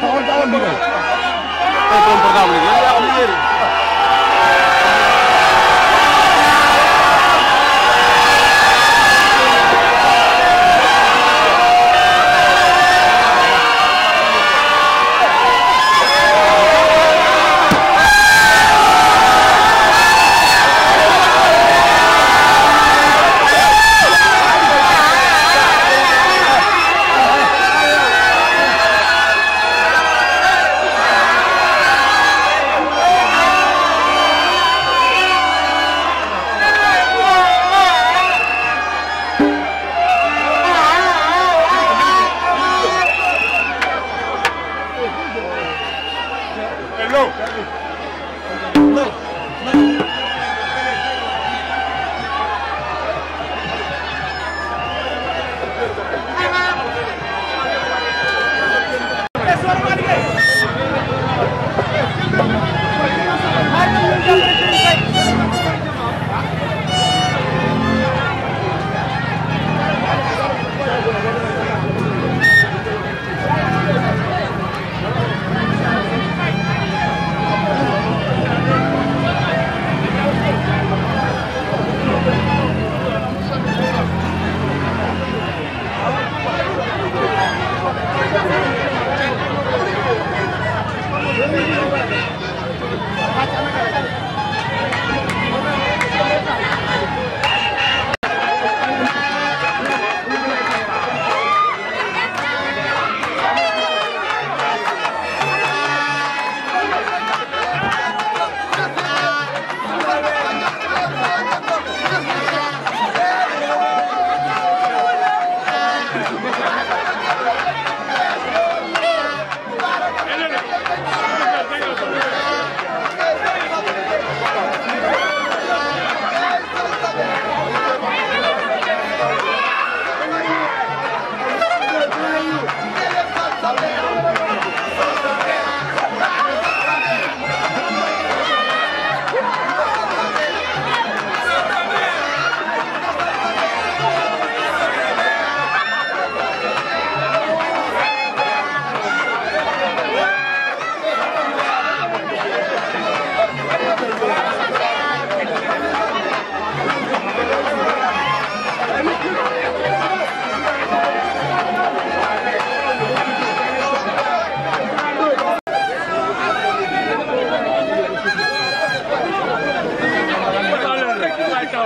Por favor, por favor,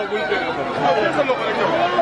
나오고 이제 살려고 하는 경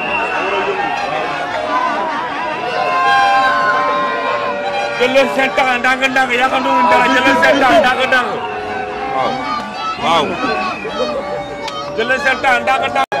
jël leen seen temps ndànk-ndànk yaakaar naa dara jël leen seen temps ndànk-ndànk waaw waaw jël leen seen temps ndànk-ndànk